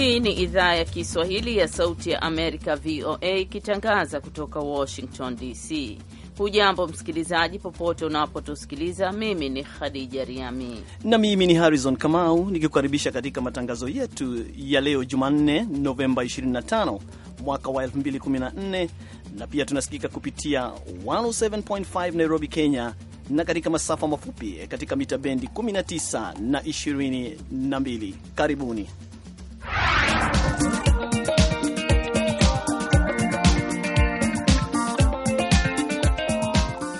Hii ni idhaa ya Kiswahili ya Sauti ya Amerika, VOA, ikitangaza kutoka Washington DC. Hujambo msikilizaji, popote unapotusikiliza. Mimi ni Khadija Riami na mimi ni Harrison Kamau nikikukaribisha katika matangazo yetu ya leo Jumanne, Novemba 25 mwaka wa 2014, na pia tunasikika kupitia 107.5 Nairobi, Kenya, na katika masafa mafupi katika mita bendi 19 na 22. Karibuni.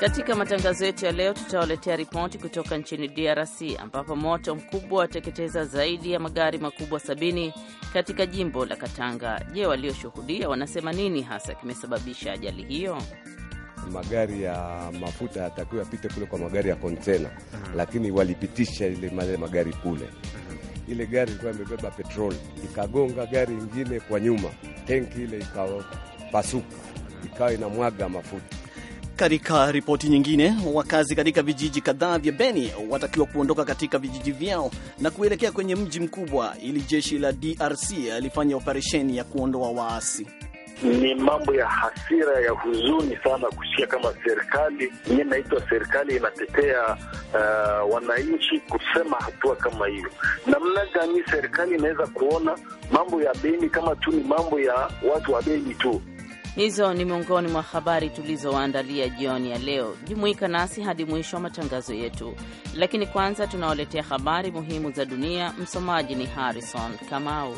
Katika matangazo yetu ya leo tutawaletea ripoti kutoka nchini DRC ambapo moto mkubwa wateketeza zaidi ya magari makubwa sabini katika jimbo la Katanga. Je, walioshuhudia wanasema nini hasa kimesababisha ajali hiyo? Magari ya mafuta yatakiwa yapite kule kwa magari ya kontena, lakini walipitisha ile magari kule ile gari ilikuwa imebeba petroli, ikagonga gari ingine kwa nyuma, tenki ile ikapasuka, ikawa inamwaga mafuta. Katika ripoti nyingine, wakazi katika vijiji kadhaa vya Beni watakiwa kuondoka katika vijiji vyao na kuelekea kwenye mji mkubwa ili jeshi la DRC alifanya operesheni ya kuondoa waasi ni mambo ya hasira ya huzuni sana kusikia kama serikali yenye inaitwa serikali inatetea uh, wananchi kusema hatua kama hiyo. Namna gani serikali inaweza kuona mambo ya deni kama tu ni mambo ya watu wa deni tu? Hizo ni miongoni mwa habari tulizowaandalia jioni ya leo. Jumuika nasi hadi mwisho wa matangazo yetu, lakini kwanza tunawaletea habari muhimu za dunia. Msomaji ni Harrison Kamau.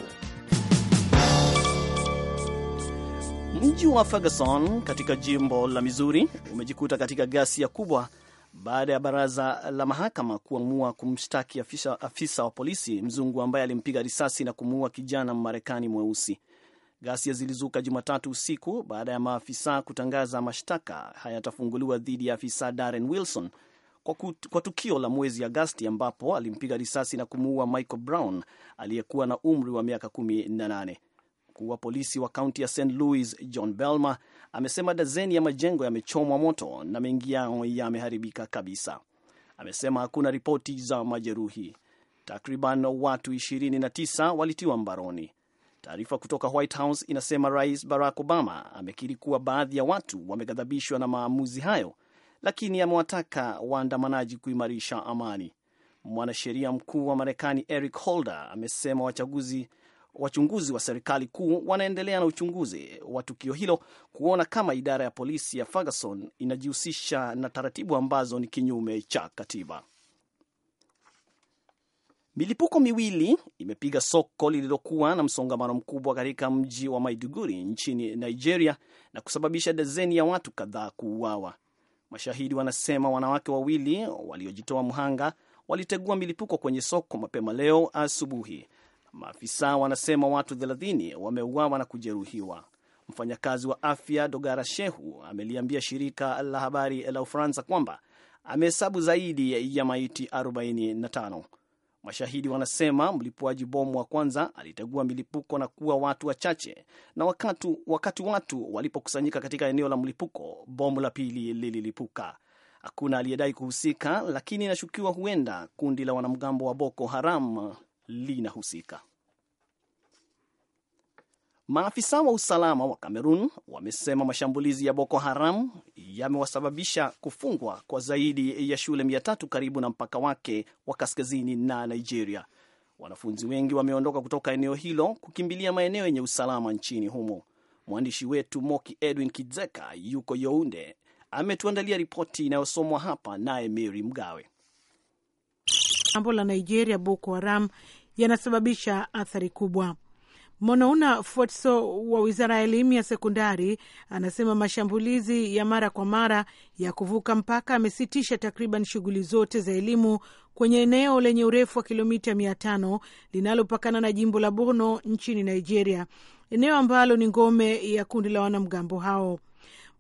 Mji wa Ferguson katika jimbo la Missouri umejikuta katika ghasia kubwa baada ya baraza la mahakama kuamua kumshtaki afisa, afisa wa polisi mzungu ambaye alimpiga risasi na kumuua kijana Mmarekani mweusi. Ghasia zilizuka Jumatatu usiku baada ya maafisa kutangaza mashtaka hayatafunguliwa dhidi ya afisa Darren Wilson kwa, kut, kwa tukio la mwezi Agasti ambapo alimpiga risasi na kumuua Michael Brown aliyekuwa na umri wa miaka kumi na nane. Mkuu wa polisi wa kaunti ya St Louis John Belma amesema dazeni ya majengo yamechomwa moto na mengi yao yameharibika kabisa. Amesema hakuna ripoti za majeruhi. Takriban watu 29 walitiwa mbaroni. Taarifa kutoka White House inasema Rais Barack Obama amekiri kuwa baadhi ya watu wameghadhabishwa na maamuzi hayo, lakini amewataka waandamanaji kuimarisha amani. Mwanasheria mkuu wa Marekani Eric Holder amesema wachaguzi wachunguzi wa serikali kuu wanaendelea na uchunguzi wa tukio hilo kuona kama idara ya polisi ya Ferguson inajihusisha na taratibu ambazo ni kinyume cha katiba. Milipuko miwili imepiga soko lililokuwa na msongamano mkubwa katika mji wa Maiduguri nchini Nigeria na kusababisha dazeni ya watu kadhaa kuuawa. Mashahidi wanasema wanawake wawili waliojitoa mhanga walitegua milipuko kwenye soko mapema leo asubuhi. Maafisa wanasema watu 30 wameuawa na kujeruhiwa. Mfanyakazi wa afya Dogara Shehu ameliambia shirika la habari la Ufaransa kwamba amehesabu zaidi ya maiti 45. Mashahidi wanasema mlipuaji bomu wa kwanza alitegua milipuko na kuwa watu wachache, na wakati, wakati watu walipokusanyika katika eneo la mlipuko, bomu la pili lililipuka. Hakuna aliyedai kuhusika, lakini inashukiwa huenda kundi la wanamgambo wa Boko Haram linahusika. Maafisa wa usalama wa Kamerun wamesema mashambulizi ya Boko Haram yamewasababisha kufungwa kwa zaidi ya shule mia tatu karibu na mpaka wake wa kaskazini na Nigeria. Wanafunzi wengi wameondoka kutoka eneo hilo kukimbilia maeneo yenye usalama nchini humo. Mwandishi wetu Moki Edwin Kidzeka yuko Younde, ametuandalia ripoti inayosomwa hapa naye Mary Mgawe jambo la Nigeria Boko Haram yanasababisha athari kubwa. Monauna fotso wa wizara ya elimu ya sekondari anasema mashambulizi ya mara kwa mara ya kuvuka mpaka amesitisha takriban shughuli zote za elimu kwenye eneo lenye urefu wa kilomita mia tano linalopakana na jimbo la bono nchini Nigeria, eneo ambalo ni ngome ya kundi la wanamgambo hao.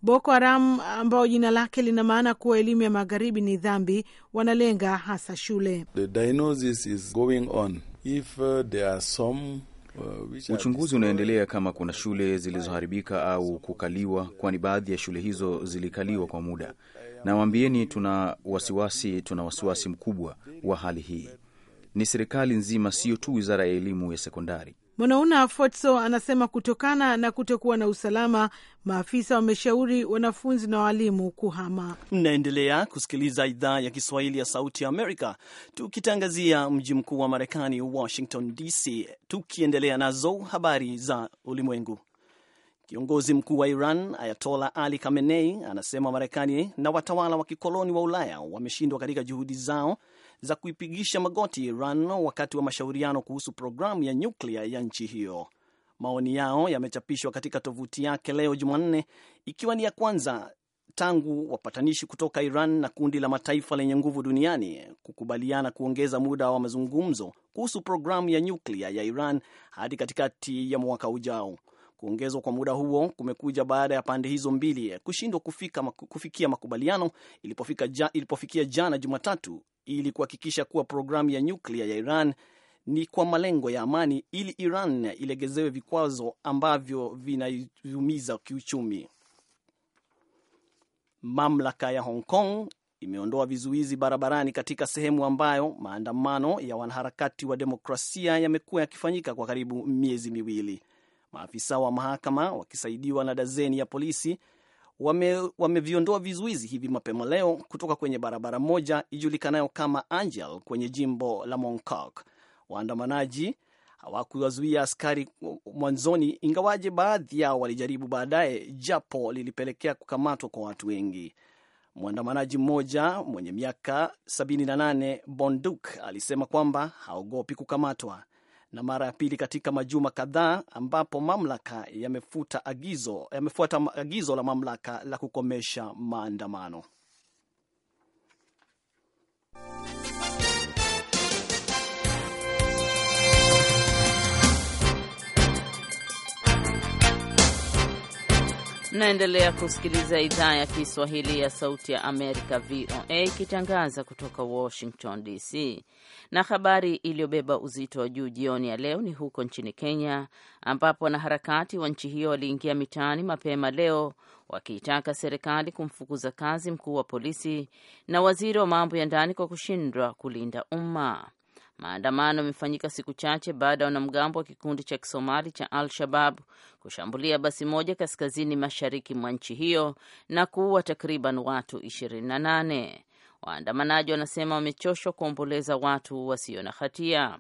Boko Haram ambao jina lake lina maana kuwa elimu ya magharibi ni dhambi, wanalenga hasa shule. The diagnosis is going on. If, uh, there are some uh, Uchunguzi unaendelea kama kuna shule zilizoharibika au kukaliwa, kwani baadhi ya shule hizo zilikaliwa kwa muda. Na waambieni, tuna wasiwasi, tuna wasiwasi mkubwa wa hali hii. Ni serikali nzima, sio tu wizara ya elimu ya sekondari. Mwanauna Fotso anasema kutokana na kutokuwa na usalama, maafisa wameshauri wanafunzi na waalimu kuhama. Mnaendelea kusikiliza idhaa ya Kiswahili ya Sauti ya Amerika, tukitangazia mji mkuu wa Marekani, Washington DC, tukiendelea nazo habari za ulimwengu. Kiongozi mkuu wa Iran Ayatola Ali Khamenei anasema Marekani na watawala wa kikoloni wa Ulaya wameshindwa katika juhudi zao za kuipigisha magoti Iran wakati wa mashauriano kuhusu programu ya nyuklia ya nchi hiyo. Maoni yao yamechapishwa katika tovuti yake leo Jumanne, ikiwa ni ya kwanza tangu wapatanishi kutoka Iran na kundi la mataifa lenye nguvu duniani kukubaliana kuongeza muda wa mazungumzo kuhusu programu ya nyuklia ya Iran hadi katikati ya mwaka ujao. Kuongezwa kwa muda huo kumekuja baada ya pande hizo mbili kushindwa kufikia makubaliano ilipofika ja, ilipofikia jana Jumatatu ili kuhakikisha kuwa programu ya nyuklia ya Iran ni kwa malengo ya amani ili Iran ilegezewe vikwazo ambavyo vinaiumiza kiuchumi. Mamlaka ya Hong Kong imeondoa vizuizi barabarani katika sehemu ambayo maandamano ya wanaharakati wa demokrasia yamekuwa yakifanyika kwa karibu miezi miwili. Maafisa wa mahakama wakisaidiwa na dazeni ya polisi wameviondoa wame vizuizi hivi mapema leo kutoka kwenye barabara moja ijulikanayo kama Angel kwenye jimbo la Montauk. Waandamanaji hawakuwazuia askari mwanzoni, ingawaje baadhi yao walijaribu baadaye, japo lilipelekea kukamatwa kwa watu wengi. Mwandamanaji mmoja mwenye miaka 78 Bonduk alisema kwamba haogopi kukamatwa na mara ya pili katika majuma kadhaa, ambapo mamlaka yamefuata agizo, yamefuata agizo la mamlaka la kukomesha maandamano. Mnaendelea kusikiliza idhaa ya Kiswahili ya Sauti ya Amerika, VOA, ikitangaza kutoka Washington DC. Na habari iliyobeba uzito wa juu jioni ya leo ni huko nchini Kenya, ambapo wanaharakati wa nchi hiyo waliingia mitaani mapema leo wakiitaka serikali kumfukuza kazi mkuu wa polisi na waziri wa mambo ya ndani kwa kushindwa kulinda umma. Maandamano yamefanyika siku chache baada ya wanamgambo wa kikundi cha Kisomali cha Al-Shabab kushambulia basi moja kaskazini mashariki mwa nchi hiyo na kuua takriban watu 28. Waandamanaji wanasema wamechoshwa kuomboleza watu wasio na hatia.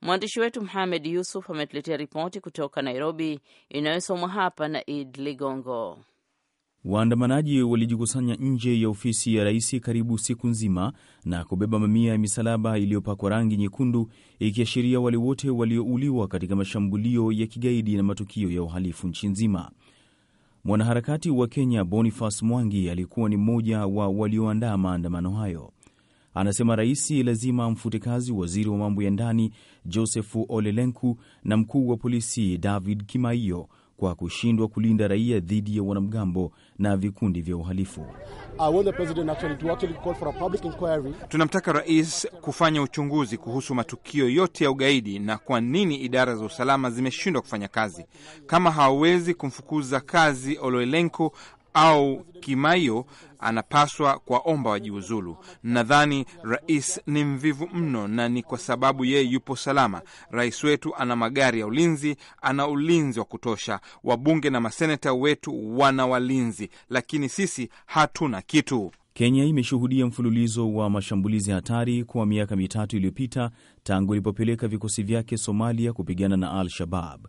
Mwandishi wetu Muhamed Yusuf ametuletea ripoti kutoka Nairobi inayosomwa hapa na Id Ligongo. Waandamanaji walijikusanya nje ya ofisi ya rais karibu siku nzima na kubeba mamia ya misalaba iliyopakwa rangi nyekundu ikiashiria wale wote waliouliwa katika mashambulio ya kigaidi na matukio ya uhalifu nchi nzima. Mwanaharakati wa Kenya Boniface Mwangi alikuwa ni mmoja wa walioandaa maandamano hayo. Anasema rais lazima amfute kazi waziri wa mambo ya ndani Joseph Olelenku na mkuu wa polisi David Kimaiyo kwa kushindwa kulinda raia dhidi ya wanamgambo na vikundi vya uhalifu. Uh, Tunamtaka rais kufanya uchunguzi kuhusu matukio yote ya ugaidi na kwa nini idara za usalama zimeshindwa kufanya kazi. Kama hawawezi kumfukuza kazi Oloelenko au Kimaio anapaswa kuwaomba wajiuzulu. Nadhani rais ni mvivu mno, na ni kwa sababu yeye yupo salama. Rais wetu ana magari ya ulinzi, ana ulinzi wa kutosha, wabunge na maseneta wetu wana walinzi, lakini sisi hatuna kitu. Kenya imeshuhudia mfululizo wa mashambulizi hatari kwa miaka mitatu iliyopita tangu ilipopeleka vikosi vyake Somalia kupigana na Al-Shabab.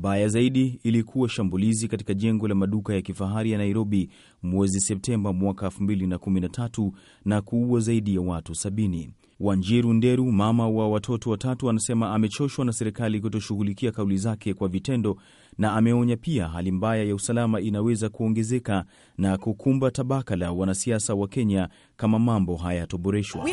Baya zaidi ilikuwa shambulizi katika jengo la maduka ya kifahari ya Nairobi mwezi Septemba mwaka 2013 na kuua zaidi ya watu 70. Wanjiru Nderu, mama wa watoto watatu, anasema amechoshwa na serikali kutoshughulikia kauli zake kwa vitendo, na ameonya pia hali mbaya ya usalama inaweza kuongezeka na kukumba tabaka la wanasiasa wa Kenya kama mambo hayatoboreshwa.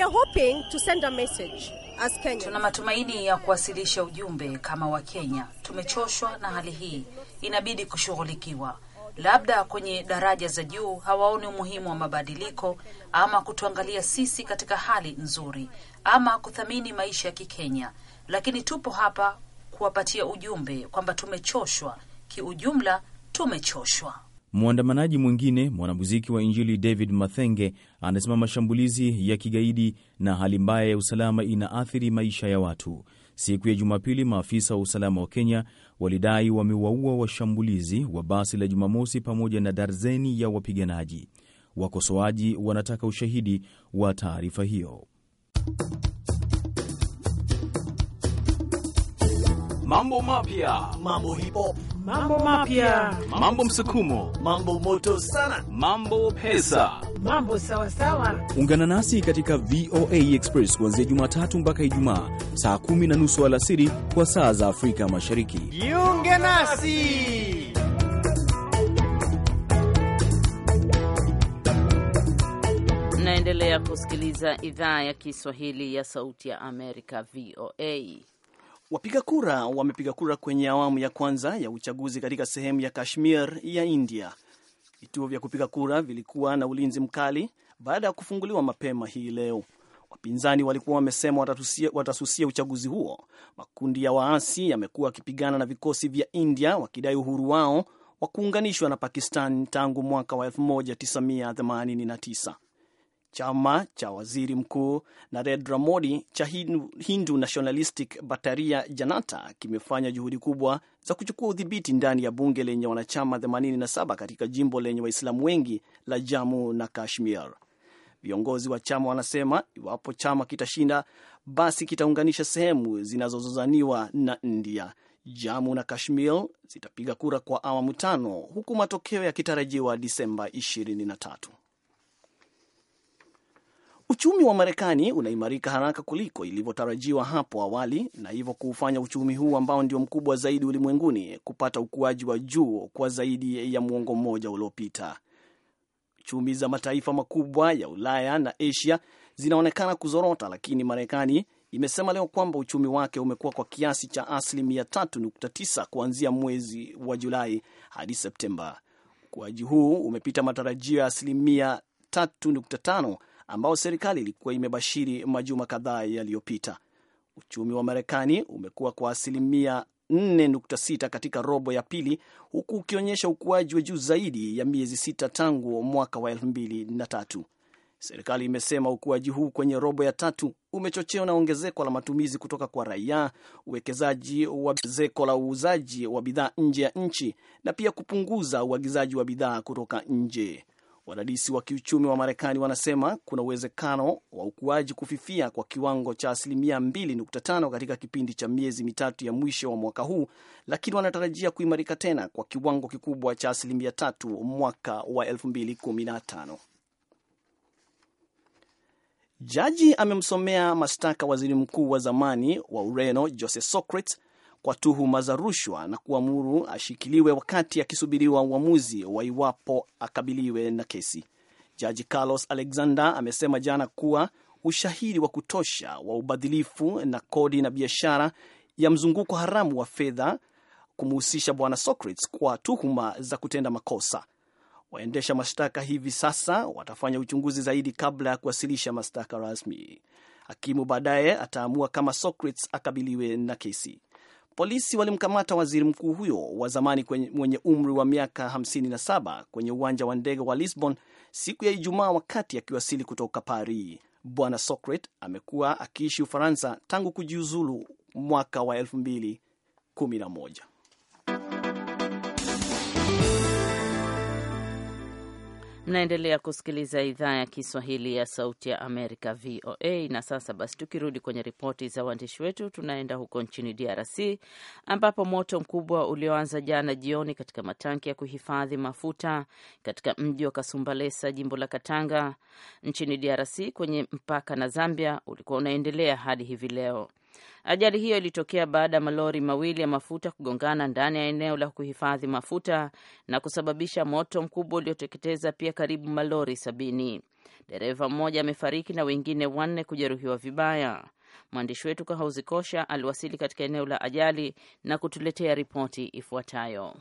Tuna matumaini ya kuwasilisha ujumbe kama Wakenya, tumechoshwa na hali hii, inabidi kushughulikiwa labda kwenye daraja za juu hawaoni umuhimu wa mabadiliko ama kutuangalia sisi katika hali nzuri ama kuthamini maisha ya Kikenya, lakini tupo hapa kuwapatia ujumbe kwamba tumechoshwa. Kiujumla, tumechoshwa. Mwandamanaji mwingine mwanamuziki wa Injili David Mathenge anasema mashambulizi ya kigaidi na hali mbaya ya usalama inaathiri maisha ya watu. Siku ya Jumapili, maafisa wa usalama wa Kenya walidai wamewaua washambulizi wa basi la Jumamosi pamoja na darzeni ya wapiganaji. Wakosoaji wanataka ushahidi wa taarifa hiyo. Mambo mapya, mambo hip hop mambo mapya, mambo msukumo, mambo moto sana, mambo pesa, mambo sawasawa. Ungana nasi katika VOA Express kuanzia Jumatatu mpaka Ijumaa saa kumi na nusu alasiri kwa saa za Afrika Mashariki. Jiunge nasi. Naendelea kusikiliza idhaa ya Kiswahili ya Sauti ya Amerika, VOA. Wapiga kura wamepiga kura kwenye awamu ya kwanza ya uchaguzi katika sehemu ya Kashmir ya India. Vituo vya kupiga kura vilikuwa na ulinzi mkali baada ya kufunguliwa mapema hii leo. Wapinzani walikuwa wamesema watasusia, watasusia uchaguzi huo. Makundi ya waasi yamekuwa yakipigana na vikosi vya India wakidai uhuru wao wa kuunganishwa na Pakistan tangu mwaka wa 1989. Chama cha waziri mkuu Narendra Modi cha Hindu, Nationalistic Bharatiya Janata kimefanya juhudi kubwa za kuchukua udhibiti ndani ya bunge lenye wanachama 87 katika jimbo lenye Waislamu wengi la Jammu na Kashmir. Viongozi wa chama wanasema iwapo chama kitashinda, basi kitaunganisha sehemu zinazozozaniwa na India. Jammu na Kashmir zitapiga kura kwa awamu tano, huku matokeo yakitarajiwa Disemba 23. Uchumi wa Marekani unaimarika haraka kuliko ilivyotarajiwa hapo awali na hivyo kuufanya uchumi huu ambao ndio mkubwa zaidi ulimwenguni kupata ukuaji wa juu kwa zaidi ya mwongo mmoja uliopita. Chumi za mataifa makubwa ya Ulaya na Asia zinaonekana kuzorota, lakini Marekani imesema leo kwamba uchumi wake umekuwa kwa kiasi cha asilimia 3.9 kuanzia mwezi wa Julai hadi Septemba. Ukuaji huu umepita matarajio ya asilimia 3.5 ambao serikali ilikuwa imebashiri majuma kadhaa yaliyopita. Uchumi wa Marekani umekuwa kwa asilimia 4.6 katika robo ya pili, huku ukionyesha ukuaji wa juu zaidi ya miezi sita tangu mwaka wa 2003. Serikali imesema ukuaji huu kwenye robo ya tatu umechochewa na ongezeko la matumizi kutoka kwa raia, uwekezaji wa zeko la uuzaji wa bidhaa nje ya nchi na pia kupunguza uagizaji wa bidhaa kutoka nje. Wadadisi wa kiuchumi wa Marekani wanasema kuna uwezekano wa ukuaji kufifia kwa kiwango cha asilimia 2.5 katika kipindi cha miezi mitatu ya mwisho wa mwaka huu, lakini wanatarajia kuimarika tena kwa kiwango kikubwa cha asilimia tatu mwaka wa 2015. Jaji amemsomea mashtaka waziri mkuu wa zamani wa Ureno Jose Socrates kwa tuhuma za rushwa na kuamuru ashikiliwe wakati akisubiriwa uamuzi wa iwapo akabiliwe na kesi. Jaji Carlos Alexander amesema jana kuwa ushahidi wa kutosha wa ubadhilifu na kodi na biashara ya mzunguko haramu wa fedha kumhusisha bwana Socrates kwa tuhuma za kutenda makosa. Waendesha mashtaka hivi sasa watafanya uchunguzi zaidi kabla ya kuwasilisha mashtaka rasmi. Hakimu baadaye ataamua kama Socrates akabiliwe na kesi. Polisi walimkamata waziri mkuu huyo wa zamani mwenye umri wa miaka 57 kwenye uwanja wa ndege wa Lisbon siku ya Ijumaa wakati akiwasili kutoka Paris. Bwana Sokret amekuwa akiishi Ufaransa tangu kujiuzulu mwaka wa 2011. Mnaendelea kusikiliza idhaa ya Kiswahili ya Sauti ya Amerika, VOA. Na sasa basi, tukirudi kwenye ripoti za waandishi wetu, tunaenda huko nchini DRC ambapo moto mkubwa ulioanza jana jioni katika matanki ya kuhifadhi mafuta katika mji wa Kasumbalesa, jimbo la Katanga nchini DRC kwenye mpaka na Zambia, ulikuwa unaendelea hadi hivi leo. Ajali hiyo ilitokea baada ya malori mawili ya mafuta kugongana ndani ya eneo la kuhifadhi mafuta na kusababisha moto mkubwa ulioteketeza pia karibu malori sabini. Dereva mmoja amefariki na wengine wanne kujeruhiwa vibaya. Mwandishi wetu Kahauzi Kosha aliwasili katika eneo la ajali na kutuletea ripoti ifuatayo.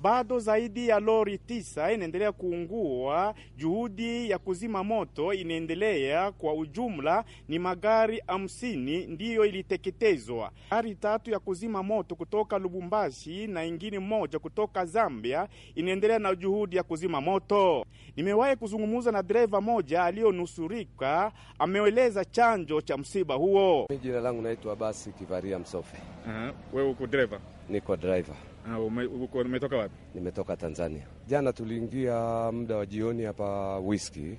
Bado zaidi ya lori tisa inaendelea kuungua. Juhudi ya kuzima moto inaendelea. Kwa ujumla ni magari hamsini ndiyo iliteketezwa, gari tatu ya kuzima moto kutoka Lubumbashi na ingine moja kutoka Zambia inaendelea na juhudi ya kuzima moto. Nimewahi kuzungumza na dereva moja aliyonusurika, ameeleza chanjo cha msiba huo. Mimi jina langu naitwa basi Kivaria Msofe. Uh -huh. Wewe uko dereva? Niko driver. Ah, umetoka wapi? Nimetoka Tanzania. Jana tuliingia muda wa jioni hapa whisky.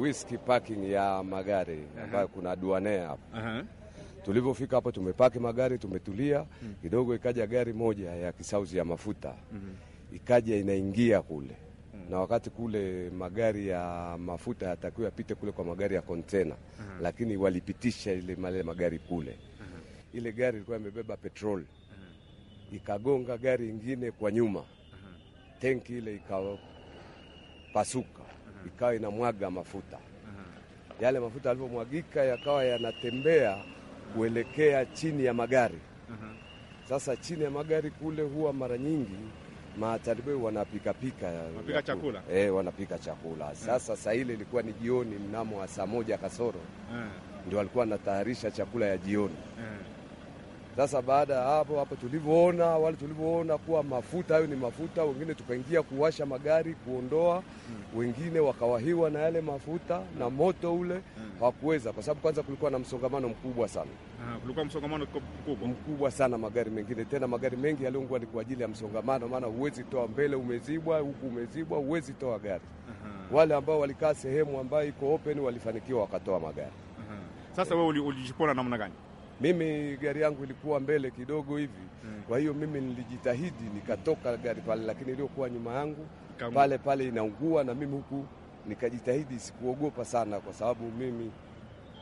Whisky parking ya magari ambayo uh -huh. kuna duane hapa uh -huh. Tulivyofika hapo tumepaki magari tumetulia mm. kidogo, ikaja gari moja ya kisauzi ya mafuta mhm. ikaja inaingia kule, mm. na wakati kule magari ya mafuta yatakiwa yapite kule kwa magari ya kontena, lakini walipitisha ile male magari kule ile gari ilikuwa imebeba petrol mhm. ikagonga gari ingine kwa nyuma, mhm. tenki ile ikapasuka, mhm. ikawa inamwaga mafuta. Yale mafuta yalipomwagika yakawa yanatembea kuelekea chini ya magari. Sasa chini ya magari kule huwa mara nyingi mataribeu wanapikapika wanapika chakula, eh, wanapika chakula. Sasa saa ile ilikuwa ni jioni, mnamo wa saa moja kasoro ndio walikuwa wanatayarisha chakula ya jioni. Sasa baada ya hapo hapo tulivyoona wale tulivyoona kuwa mafuta hayo ni mafuta, wengine tukaingia kuwasha magari kuondoa hmm. Wengine wakawahiwa na yale mafuta na hmm. moto ule hmm. kwa sababu kwanza kulikuwa na msongamano mkubwa sana. Ah, kulikuwa msongamano mkubwa mkubwa sana, magari mengine tena, magari mengi yaliungwa ni kwa ajili ya msongamano, maana huwezi toa mbele, umezibwa huku, umezibwa huwezi toa gari. Aha. Wale ambao walikaa sehemu ambayo iko open walifanikiwa wakatoa magari. Aha. Sasa wewe ulijipona namna gani? Mimi gari yangu ilikuwa mbele kidogo hivi mm. Kwa hiyo mimi nilijitahidi nikatoka gari pale, lakini iliyokuwa nyuma yangu Kamu. pale pale inaungua na mimi huku nikajitahidi, sikuogopa sana, kwa sababu mimi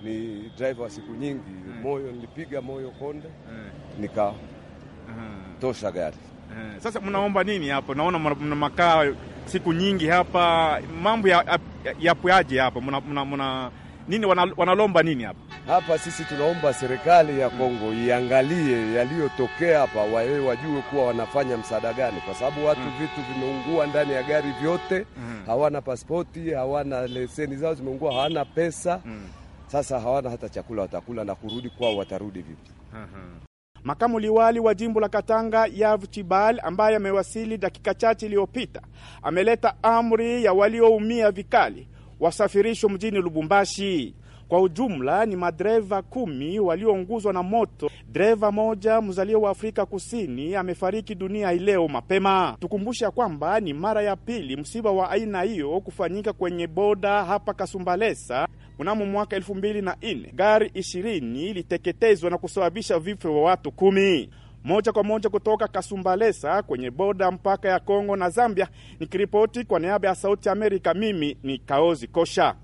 ni driver wa siku nyingi mm. Moyo nilipiga moyo konde mm. nikatosha gari mm. Sasa mnaomba nini hapo? Naona mna makaa siku nyingi hapa, mambo yapoaje ya, ya hapa mna, nini wanalomba nini hapa? Hapa sisi tunaomba serikali ya Kongo mm. iangalie yaliyotokea hapa, wae wajue kuwa wanafanya msaada gani, kwa sababu watu mm. vitu vimeungua ndani ya gari vyote, mm. hawana pasipoti, hawana leseni zao zimeungua, hawana pesa. Sasa hawana hata chakula, watakula na kurudi kwao, watarudi vipi? Mm-hmm. Makamu liwali wa jimbo la Katanga Yav Chibal, ambaye amewasili dakika chache iliyopita, ameleta amri ya walioumia vikali wasafirishwe mjini Lubumbashi. Kwa ujumla ni madereva kumi walioonguzwa na moto. Dereva moja mzalio wa Afrika Kusini amefariki dunia ileo mapema. Tukumbusha kwamba ni mara ya pili msiba wa aina hiyo kufanyika kwenye boda hapa Kasumbalesa mnamo mwaka elfu mbili na nne. Gari ishirini iliteketezwa na kusababisha vifo vya watu kumi. Moja kwa moja kutoka Kasumbalesa kwenye boda mpaka ya Kongo na Zambia, nikiripoti kwa niaba ya Sauti Amerika, mimi ni Kaozi Kosha.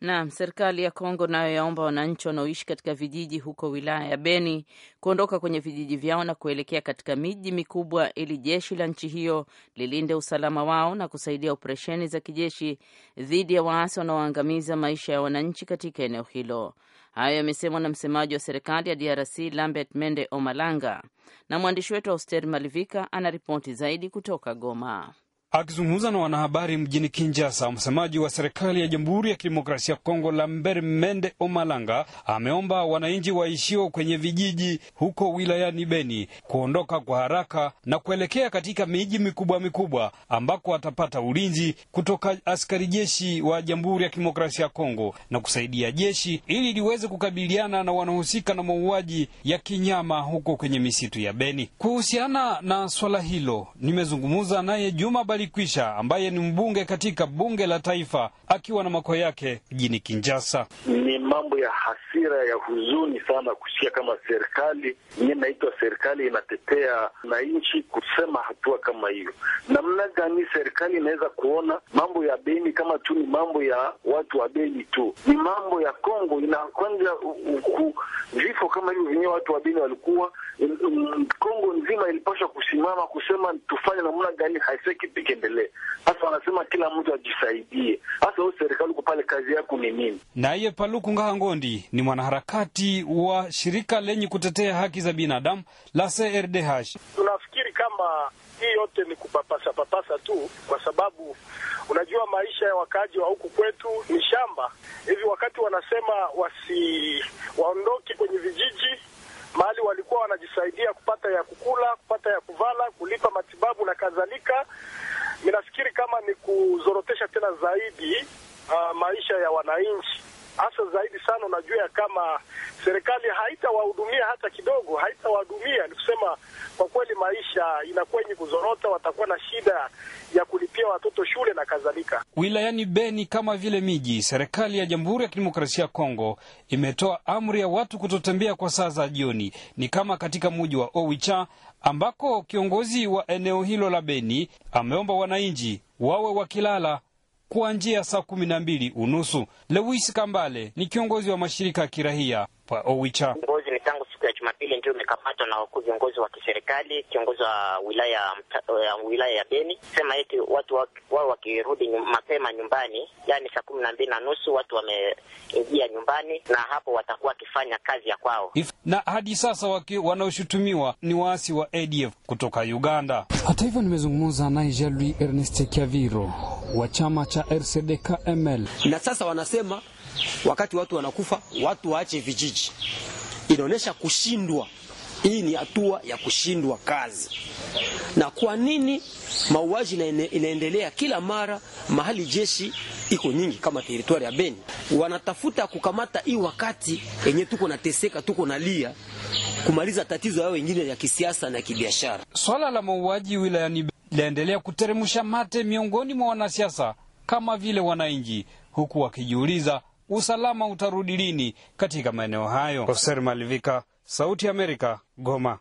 Naam, serikali ya Kongo nayo yaomba wananchi wanaoishi katika vijiji huko wilaya ya Beni kuondoka kwenye vijiji vyao na kuelekea katika miji mikubwa ili jeshi la nchi hiyo lilinde usalama wao na kusaidia operesheni za kijeshi dhidi ya waasi wanaoangamiza maisha ya wananchi katika eneo hilo. Hayo yamesemwa na msemaji wa serikali ya DRC Lambert Mende Omalanga, na mwandishi wetu Auster Malivika anaripoti zaidi kutoka Goma. Akizungumza na wanahabari mjini kinjasa msemaji wa serikali ya Jamhuri ya Kidemokrasia ya Kongo, Lambert Mende Omalanga, ameomba wananchi waishio kwenye vijiji huko wilayani Beni kuondoka kwa haraka na kuelekea katika miji mikubwa mikubwa ambako watapata ulinzi kutoka askari jeshi wa Jamhuri ya Kidemokrasia ya Kongo na kusaidia jeshi ili liweze kukabiliana na wanaohusika na mauaji ya kinyama huko kwenye misitu ya Beni. Kuhusiana na swala hilo, nimezungumza naye Juma Bali ali Kwisha ambaye ni mbunge katika bunge la taifa akiwa na makao yake mjini Kinjasa. Ni mambo ya hasira ya huzuni sana kusikia kama serikali yenye naitwa serikali inatetea na nchi kusema hatua kama hiyo. Namna gani serikali inaweza kuona mambo ya Beni kama tu ni mambo ya watu wa Beni tu, ni mambo ya Kongo inakwanja vifo kama hivyo vyenyewe watu wa Beni walikuwa mm, mm, Kongo nzima ilipaswa kusimama kusema tufanye namna gani haiseki ikiendelea. Hasa wanasema kila mtu ajisaidie, hasa huu serikali. kupale kazi yako ni nini? Naye Paluku ngondi ni mwanaharakati wa shirika lenye kutetea haki za binadamu la CRDH. Tunafikiri kama hii yote ni kupapasa papasa tu, kwa sababu unajua maisha ya wakaaji wa huku kwetu ni shamba hivi. Wakati wanasema wasi waondoke kwenye vijiji mahali walikuwa wanajisaidia kupata ya kukula, kupata ya kuvala, kulipa matibabu na kadhalika. Ninafikiri kama ni kuzorotesha tena zaidi uh, maisha ya wananchi hasa zaidi sana. Unajua ya kama serikali haitawahudumia hata kidogo, haitawahudumia ni kusema kwa kweli, maisha inakuwa yenye kuzorota, watakuwa na shida ya kulipia watoto shule na kadhalika. Wilayani Beni kama vile miji, serikali ya Jamhuri ya Kidemokrasia ya Kongo imetoa amri ya watu kutotembea kwa saa za jioni, ni kama katika muji wa Owicha ambako kiongozi wa eneo hilo la Beni ameomba wananchi wawe wakilala kuanzia saa kumi na mbili unusu. Lewis Kambale ni kiongozi wa mashirika ya kirahia pa Owicha ndio umekamatwa na viongozi wa kiserikali, kiongozi wa wilaya ya eh, wilaya ya Beni sema eti watu wao wakirudi mapema nyumbani, yani saa kumi na mbili na nusu watu wameingia nyumbani, na hapo watakuwa wakifanya kazi ya kwao. If, na hadi sasa waki, wanaoshutumiwa ni waasi wa ADF kutoka Uganda. Hata hivyo nimezungumza naye Jean-Louis Ernest Kiaviro wa chama cha RCDKML, na sasa wanasema wakati watu wanakufa watu waache vijiji inaonyesha kushindwa. Hii ni hatua ya kushindwa kazi. Na kwa nini mauaji inaendelea kila mara mahali jeshi iko nyingi kama teritwari ya Beni? Wanatafuta kukamata hii wakati yenye tuko nateseka, tuko nalia, kumaliza tatizo yao wengine ya kisiasa na kibiashara. Swala la mauaji wilayani laendelea kuteremsha mate miongoni mwa wanasiasa kama vile wananchi, huku wakijiuliza usalama utarudi lini katika maeneo hayo? Hoser Malivika, Sauti ya Amerika, Goma.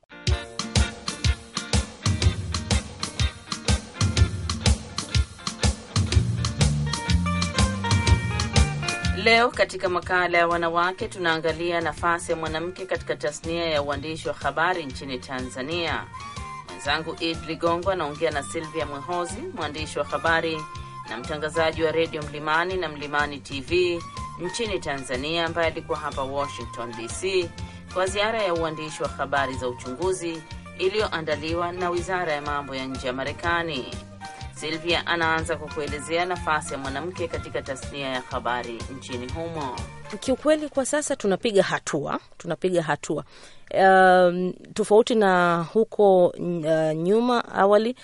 Leo katika makala ya wanawake tunaangalia nafasi ya mwanamke katika tasnia ya uandishi wa habari nchini Tanzania. Mwenzangu Id Ligongo anaongea na Silvia Mwehozi, mwandishi wa habari na mtangazaji wa redio Mlimani na Mlimani TV nchini Tanzania ambaye alikuwa hapa Washington DC kwa ziara ya uandishi wa habari za uchunguzi iliyoandaliwa na Wizara ya Mambo ya Nje ya Marekani. Silvia anaanza kwa kuelezea nafasi ya mwanamke katika tasnia ya habari nchini humo. Kiukweli kwa sasa tunapiga hatua, tunapiga hatua um, tofauti na huko uh, nyuma awali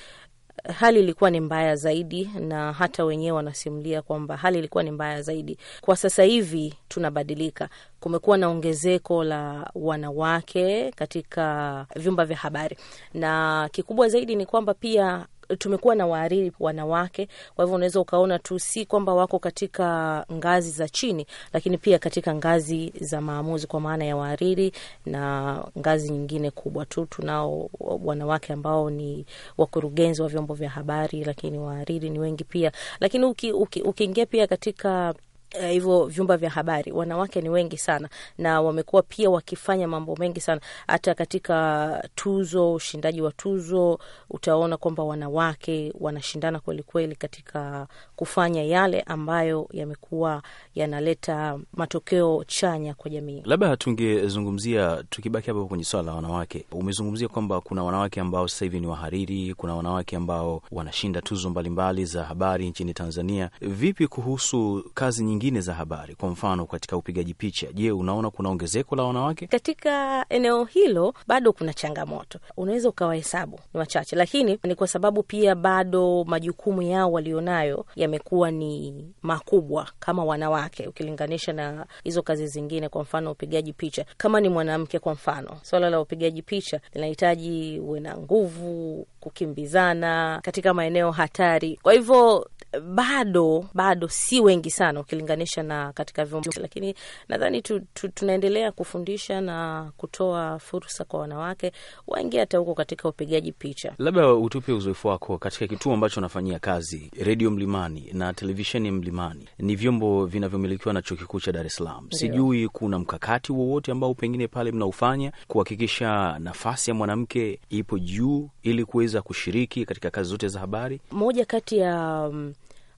hali ilikuwa ni mbaya zaidi, na hata wenyewe wanasimulia kwamba hali ilikuwa ni mbaya zaidi. Kwa sasa hivi tunabadilika, kumekuwa na ongezeko la wanawake katika vyumba vya habari, na kikubwa zaidi ni kwamba pia tumekuwa na wahariri wanawake, kwa hivyo unaweza ukaona tu si kwamba wako katika ngazi za chini, lakini pia katika ngazi za maamuzi, kwa maana ya wahariri na ngazi nyingine kubwa tu. Tunao wanawake ambao ni wakurugenzi wa vyombo vya habari, lakini wahariri ni wengi pia. Lakini ukiingia uki, uki pia katika Eh, hivyo vyumba vya habari wanawake ni wengi sana, na wamekuwa pia wakifanya mambo mengi sana. Hata katika tuzo, ushindaji wa tuzo, utaona kwamba wanawake wanashindana kwelikweli katika kufanya yale ambayo yamekuwa yanaleta matokeo chanya kwa jamii. Labda tungezungumzia, tukibaki hapo kwenye swala la wanawake, umezungumzia kwamba kuna wanawake ambao sasa hivi ni wahariri, kuna wanawake ambao wanashinda tuzo mbalimbali mbali za habari nchini Tanzania. Vipi kuhusu kazi nyingi nyingine za habari, kwa mfano katika upigaji picha? Je, unaona kuna ongezeko la wanawake katika eneo hilo? Bado kuna changamoto, unaweza ukawahesabu ni wachache, lakini ni kwa sababu pia bado majukumu yao walionayo yamekuwa ni makubwa kama wanawake, ukilinganisha na hizo kazi zingine, kwa mfano upigaji picha. Kama ni mwanamke, kwa mfano swala la upigaji picha linahitaji uwe na nguvu, kukimbizana katika maeneo hatari, kwa hivyo bado bado si wengi sana ukilinganisha na katika vyombo, lakini nadhani tu, tu, tunaendelea kufundisha na kutoa fursa kwa wanawake wengi hata huko katika upigaji picha. Labda utupe uzoefu wako katika kituo ambacho unafanyia kazi, Redio Mlimani na Televisheni Mlimani ni vyombo vinavyomilikiwa na Chuo Kikuu cha Dar es Salaam. Sijui kuna mkakati wowote ambao pengine pale mnaufanya kuhakikisha nafasi ya mwanamke ipo juu ili kuweza kushiriki katika kazi zote za habari. Moja kati ya um,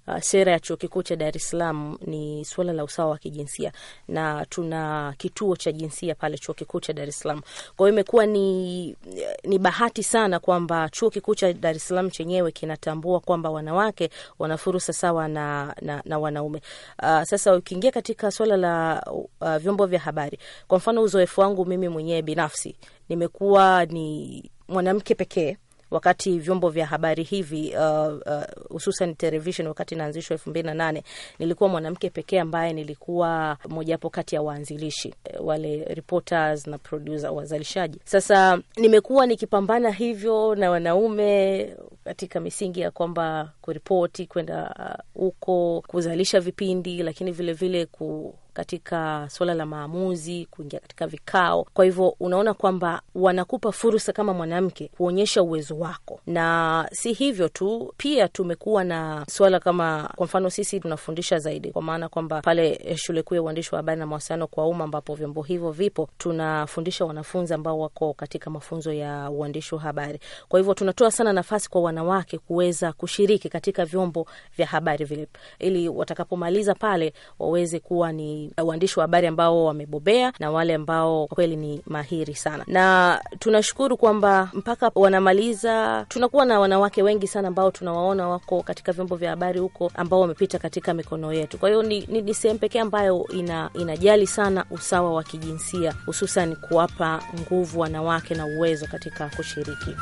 uh, sera ya chuo kikuu cha Dar es Salaam ni suala la usawa wa kijinsia, na tuna kituo cha jinsia pale chuo kikuu cha Dar es Salaam. Kwa hiyo imekuwa ni, ni bahati sana kwamba chuo kikuu cha Dar es Salaam chenyewe kinatambua kwamba wanawake wana fursa sawa na, na, na wanaume. Uh, sasa ukiingia katika suala la uh, vyombo vya habari, kwa mfano uzoefu wangu mimi mwenyewe binafsi, nimekuwa ni mwanamke pekee wakati vyombo vya habari hivi hususan uh, uh, television wakati naanzishwa elfu mbili na nane nilikuwa mwanamke pekee ambaye nilikuwa mojawapo kati ya waanzilishi eh, wale reporters na producer wazalishaji. Sasa nimekuwa nikipambana hivyo na wanaume katika misingi ya kwamba kuripoti kwenda uh, huko kuzalisha vipindi, lakini vilevile vile ku katika suala la maamuzi, kuingia katika vikao. Kwa hivyo unaona kwamba wanakupa fursa kama mwanamke kuonyesha uwezo wako, na si hivyo tu, pia tumekuwa na suala kama kwa mfano, sisi tunafundisha zaidi, kwa maana kwamba pale eh, shule kuu ya uandishi wa habari na mawasiliano kwa umma, ambapo vyombo hivyo vipo, tunafundisha wanafunzi ambao wako katika mafunzo ya uandishi wa habari. Kwa hivyo tunatoa sana nafasi kwa wanawake kuweza kushiriki katika vyombo vya habari vile, ili watakapomaliza pale waweze kuwa ni Eh, waandishi wa habari ambao wamebobea na wale ambao kwa kweli ni mahiri sana, na tunashukuru kwamba mpaka wanamaliza tunakuwa na wanawake wengi sana ambao tunawaona wako katika vyombo vya habari huko ambao wamepita katika mikono yetu. Kwa hiyo ni, ni, ni sehemu pekee ambayo ina, inajali sana usawa wa kijinsia hususan kuwapa nguvu wanawake na uwezo katika kushiriki.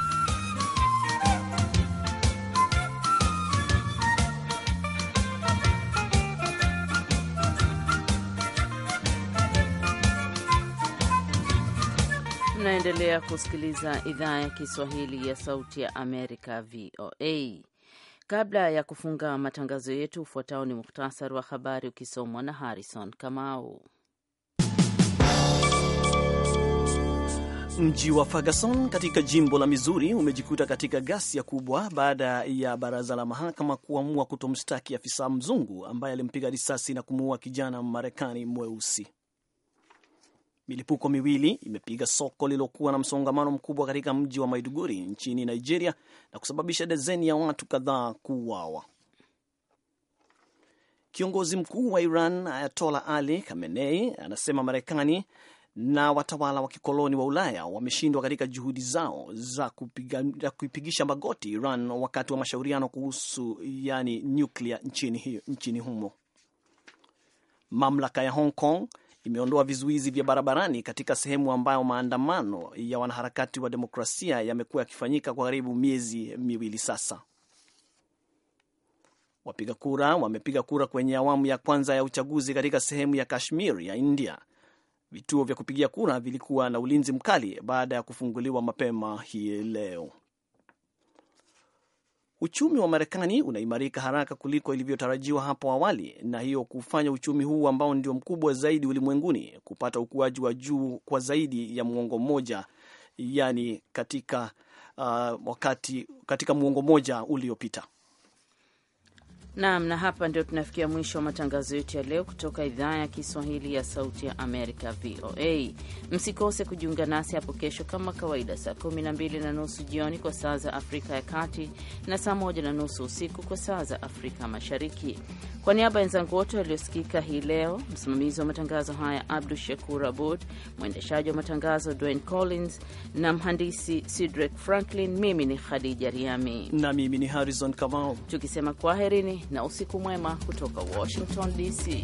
Unaendelea kusikiliza idhaa ya Kiswahili ya Sauti ya Amerika, VOA. Kabla ya kufunga matangazo yetu, ufuatao ni muhtasari wa habari ukisomwa na Harrison Kamau. Mji wa Ferguson katika jimbo la Missouri umejikuta katika ghasia kubwa baada ya baraza la mahakama kuamua kutomshtaki afisa mzungu ambaye alimpiga risasi na kumuua kijana Marekani mweusi. Milipuko miwili imepiga soko lililokuwa na msongamano mkubwa katika mji wa Maiduguri nchini Nigeria na kusababisha dezeni ya watu kadhaa kuuawa. Kiongozi mkuu wa Iran Ayatola Ali Khamenei anasema Marekani na watawala wa kikoloni wa Ulaya wameshindwa katika juhudi zao za kuipigisha magoti Iran wakati wa mashauriano kuhusu yani nyuklia nchini, nchini humo. Mamlaka ya Hong Kong imeondoa vizuizi vya barabarani katika sehemu ambayo maandamano ya wanaharakati wa demokrasia yamekuwa yakifanyika kwa karibu miezi miwili sasa. Wapiga kura wamepiga kura kwenye awamu ya kwanza ya uchaguzi katika sehemu ya Kashmir ya India. Vituo vya kupigia kura vilikuwa na ulinzi mkali baada ya kufunguliwa mapema hii leo. Uchumi wa Marekani unaimarika haraka kuliko ilivyotarajiwa hapo awali, na hiyo kufanya uchumi huu ambao ndio mkubwa zaidi ulimwenguni kupata ukuaji wa juu kwa zaidi ya mwongo mmoja, yani katika, uh, wakati, katika mwongo mmoja uliopita. Naam, na hapa ndio tunafikia mwisho wa matangazo yetu ya leo kutoka idhaa ya Kiswahili ya Sauti ya Amerika, VOA. Msikose kujiunga nasi hapo kesho kama kawaida, saa 12 na nusu jioni kwa saa za Afrika ya Kati na saa 1 na nusu usiku kwa saa za Afrika Mashariki. Kwa niaba ya wenzangu wote waliosikika hii leo, msimamizi wa matangazo haya Abdu Shakur Abud, mwendeshaji wa matangazo Dwayne Collins na mhandisi Cedric Franklin, mimi ni Khadija Riami na mimi ni Harrison Kamau, tukisema kwaherini na usiku mwema kutoka Washington DC.